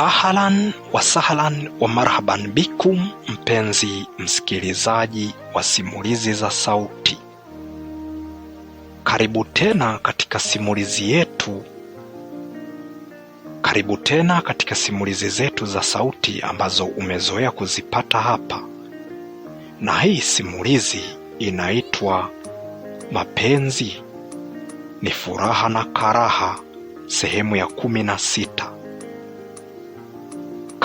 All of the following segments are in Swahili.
Ahalan wa wa marhaban bikum, mpenzi msikilizaji wa simulizi za sauti, karibu tena katika simulizi yetu, karibu tena katika simulizi zetu za sauti ambazo umezoea kuzipata hapa, na hii simulizi inaitwa Mapenzi ni Furaha na Karaha, sehemu ya kumi na sita.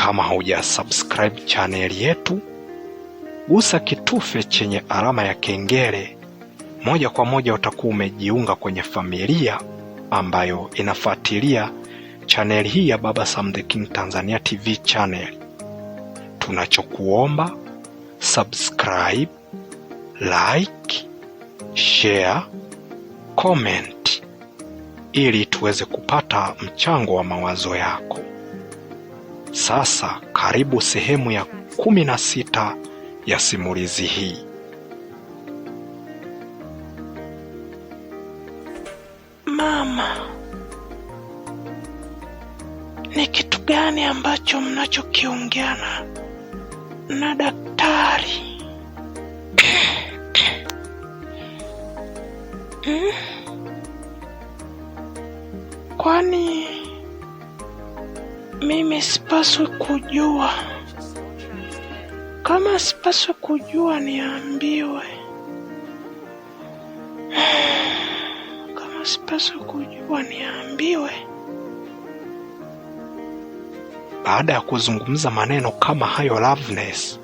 Kama hujasubscribe chaneli yetu, gusa kitufe chenye alama ya kengele. Moja kwa moja utakuwa umejiunga kwenye familia ambayo inafuatilia chaneli hii ya Baba Sam the King Tanzania TV channel. Tunachokuomba subscribe, like, share, comment ili tuweze kupata mchango wa mawazo yako. Sasa karibu sehemu ya kumi na sita ya simulizi hii. Mama, ni kitu gani ambacho mnachokiungiana na daktari? hmm? Kwani mimi sipaswi kujua. Kama sipaswi kujua niambiwe, kama sipaswi kujua niambiwe. Baada ya kuzungumza maneno kama hayo, Loveness,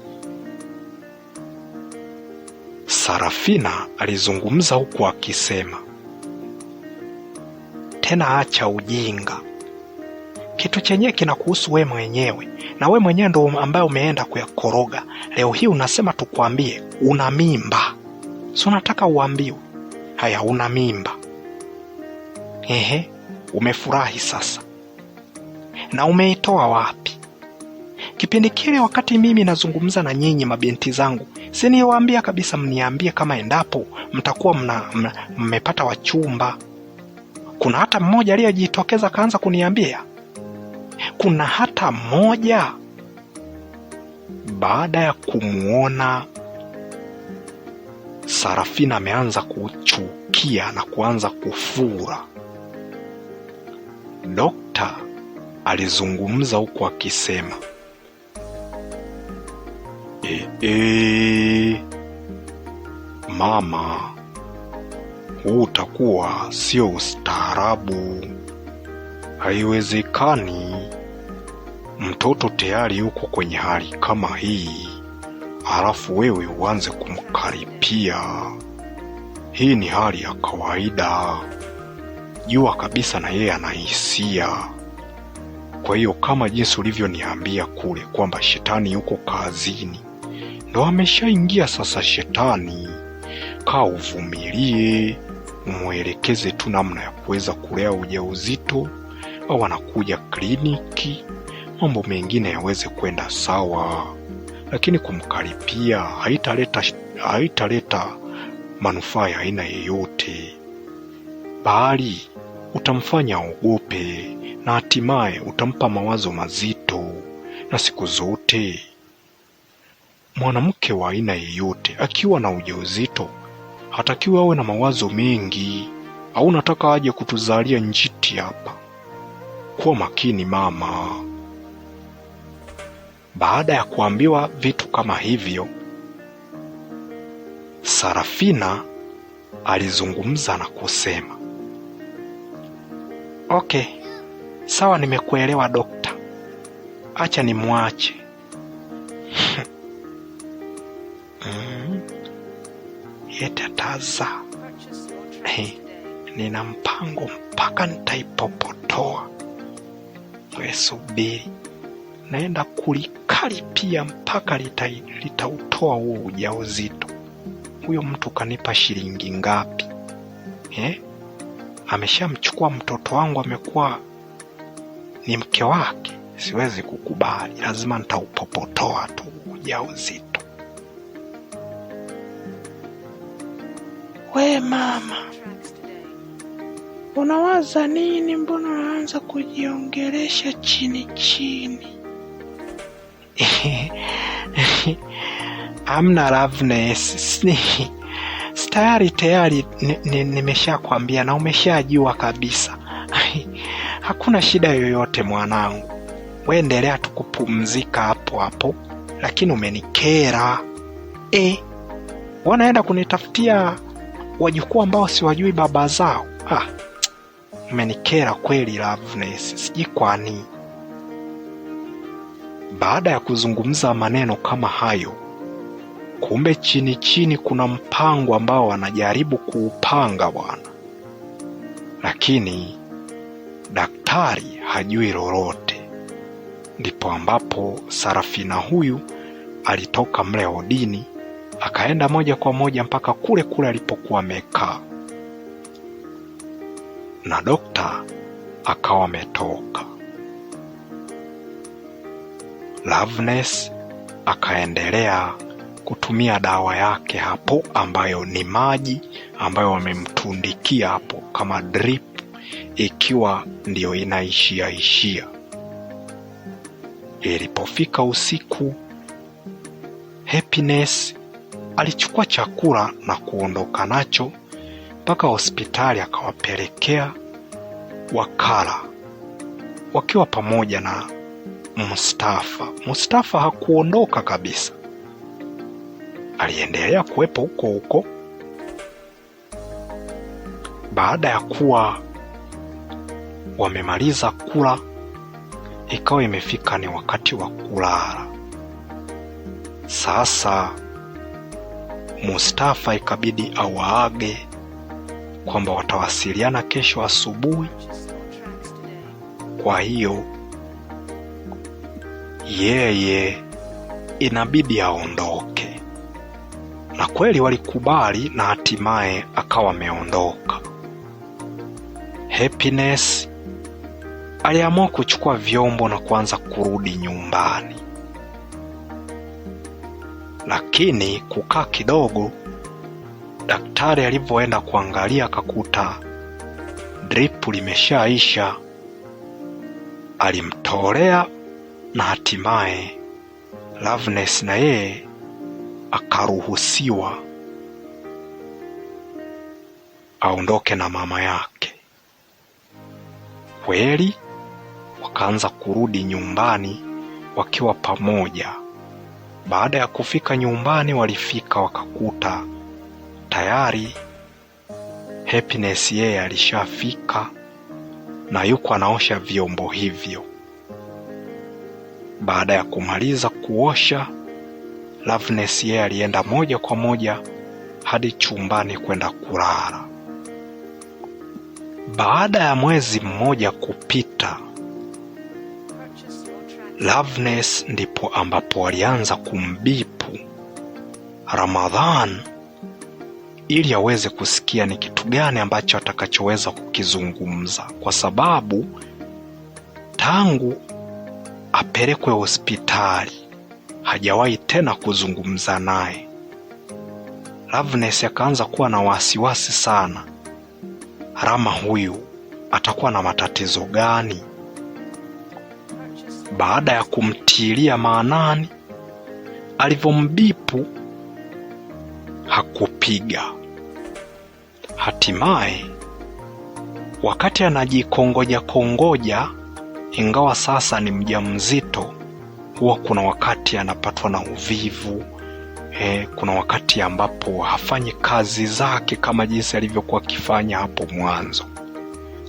Sarafina alizungumza huku akisema tena, acha ujinga kitu chenyewe kinakuhusu we mwenyewe, na we mwenyewe ndo ambaye umeenda kuyakoroga. Leo hii unasema tukwambie una mimba, si unataka uambiwe haya una mimba? Ehe, umefurahi sasa, na umeitoa wapi? Kipindi kile wakati mimi nazungumza na nyinyi mabinti zangu, si niwaambia kabisa, mniambie kama endapo mtakuwa mna, mna, mmepata wachumba. Kuna hata mmoja aliyejitokeza kaanza kuniambia kuna hata moja Baada ya kumwona Sarafina ameanza kuchukia na kuanza kufura, dokta alizungumza huku akisema e, e, mama, huu utakuwa sio ustaarabu. Haiwezekani mtoto tayari yuko kwenye hali kama hii, halafu wewe uanze kumkaripia. Hii ni hali ya kawaida. Jua kabisa na yeye anahisia Kwa hiyo kama jinsi ulivyoniambia kule kwamba shetani yuko kazini, ndo ameshaingia sasa shetani. Kaa uvumilie, umwelekeze tu namna ya kuweza kulea ujauzito au wanakuja kliniki, mambo mengine yaweze kwenda sawa, lakini kumkaripia haitaleta haitaleta manufaa ya aina yeyote, bali utamfanya ogope na hatimaye utampa mawazo mazito. Na siku zote mwanamke wa aina yeyote akiwa na ujauzito hatakiwa awe na mawazo mengi. Au nataka aje kutuzalia njiti hapa? kuwa makini mama. Baada ya kuambiwa vitu kama hivyo, Sarafina alizungumza na kusema, okay, sawa, nimekuelewa dokta, acha nimwache. mm. Yetataza, hey, nina mpango mpaka nitaipopotoa utakayoyasubiri naenda pia mpaka litautoa huo ujauzito. Huyo mtu kanipa shilingi ngapi eh? Ameshamchukua mtoto wangu, amekuwa ni mke wake. Siwezi kukubali, lazima nitaupopotoa tu ujauzito. We mama Unawaza nini? Mbona unaanza kujiongelesha chini chini? Amna Loveness, tayari tayari nimeshakwambia na umeshajua kabisa. Hakuna shida yoyote mwanangu, weendelea tukupumzika tu kupumzika hapo hapo, lakini umenikera e, wanaenda kunitafutia wajukuu ambao siwajui baba zao ah. Umenikera kweli Loveness, sijui kwani. Baada ya kuzungumza maneno kama hayo, kumbe chini chini kuna mpango ambao wanajaribu kuupanga bwana, lakini daktari hajui lolote. Ndipo ambapo Sarafina huyu alitoka mle hodini akaenda moja kwa moja mpaka kule kule alipokuwa amekaa na dokta akawa ametoka. Loveness akaendelea kutumia dawa yake hapo, ambayo ni maji ambayo wamemtundikia hapo kama drip, ikiwa ndiyo inaishia ishia. Ilipofika usiku, Happiness alichukua chakula na kuondoka nacho mpaka hospitali akawapelekea wakala wakiwa pamoja na Mustafa. Mustafa hakuondoka kabisa, aliendelea kuwepo huko huko. Baada ya kuwa wamemaliza kula, ikawa imefika ni wakati wa kulala. Sasa Mustafa ikabidi awaage kwamba watawasiliana kesho asubuhi. Kwa hiyo yeye inabidi aondoke, na kweli walikubali na hatimaye akawa ameondoka. Happiness aliamua kuchukua vyombo na kuanza kurudi nyumbani, lakini kukaa kidogo Daktari alivyoenda kuangalia akakuta dripu limeshaisha. Alimtolea na hatimaye Loveness na yeye akaruhusiwa aondoke na mama yake. Kweli wakaanza kurudi nyumbani wakiwa pamoja. Baada ya kufika nyumbani, walifika wakakuta tayari Happiness yeye alishafika na yuko anaosha vyombo hivyo. Baada ya kumaliza kuosha, Loveness yeye alienda moja kwa moja hadi chumbani kwenda kulala. Baada ya mwezi mmoja kupita, Loveness ndipo ambapo alianza kumbipu Ramadhan ili aweze kusikia ni kitu gani ambacho atakachoweza kukizungumza, kwa sababu tangu apelekwe hospitali hajawahi tena kuzungumza naye. Loveness akaanza kuwa na wasiwasi sana, Rama huyu atakuwa na matatizo gani? Baada ya kumtilia maanani, alivyombipu hakupiga. Hatimaye, wakati anajikongoja-kongoja, ingawa sasa ni mjamzito, huwa kuna wakati anapatwa na uvivu e, kuna wakati ambapo hafanyi kazi zake kama jinsi alivyokuwa akifanya hapo mwanzo,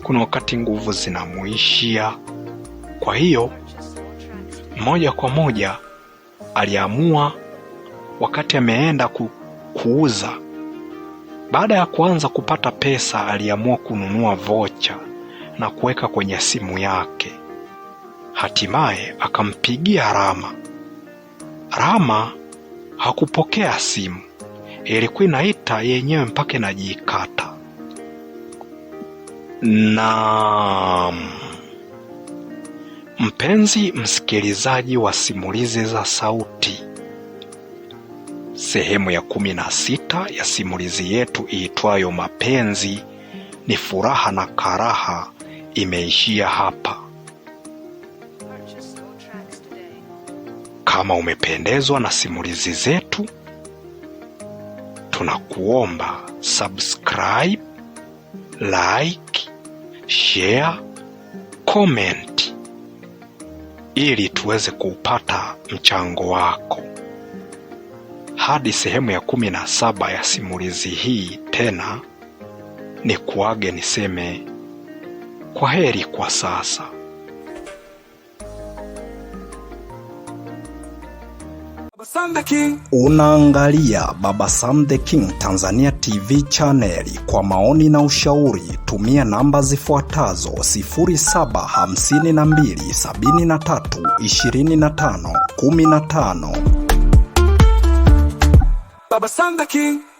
kuna wakati nguvu zinamuishia. Kwa hiyo moja kwa moja aliamua wakati ameenda ku, kuuza baada ya kuanza kupata pesa, aliamua kununua vocha na kuweka kwenye simu yake. Hatimaye akampigia Rama. Rama hakupokea simu, ilikuwa inaita yenyewe mpaka inajiikata. Na mpenzi msikilizaji wa simulizi za sauti Sehemu ya kumi na sita ya simulizi yetu iitwayo Mapenzi ni Furaha na Karaha imeishia hapa. Kama umependezwa na simulizi zetu, tunakuomba subscribe, like, share, comment ili tuweze kuupata mchango wako hadi sehemu ya kumi na saba ya simulizi hii tena, ni kuage niseme kwa heri kwa sasa. Unaangalia Baba Sam the King Tanzania TV channel. Kwa maoni na ushauri tumia namba zifuatazo: 15. Baba Sam the King.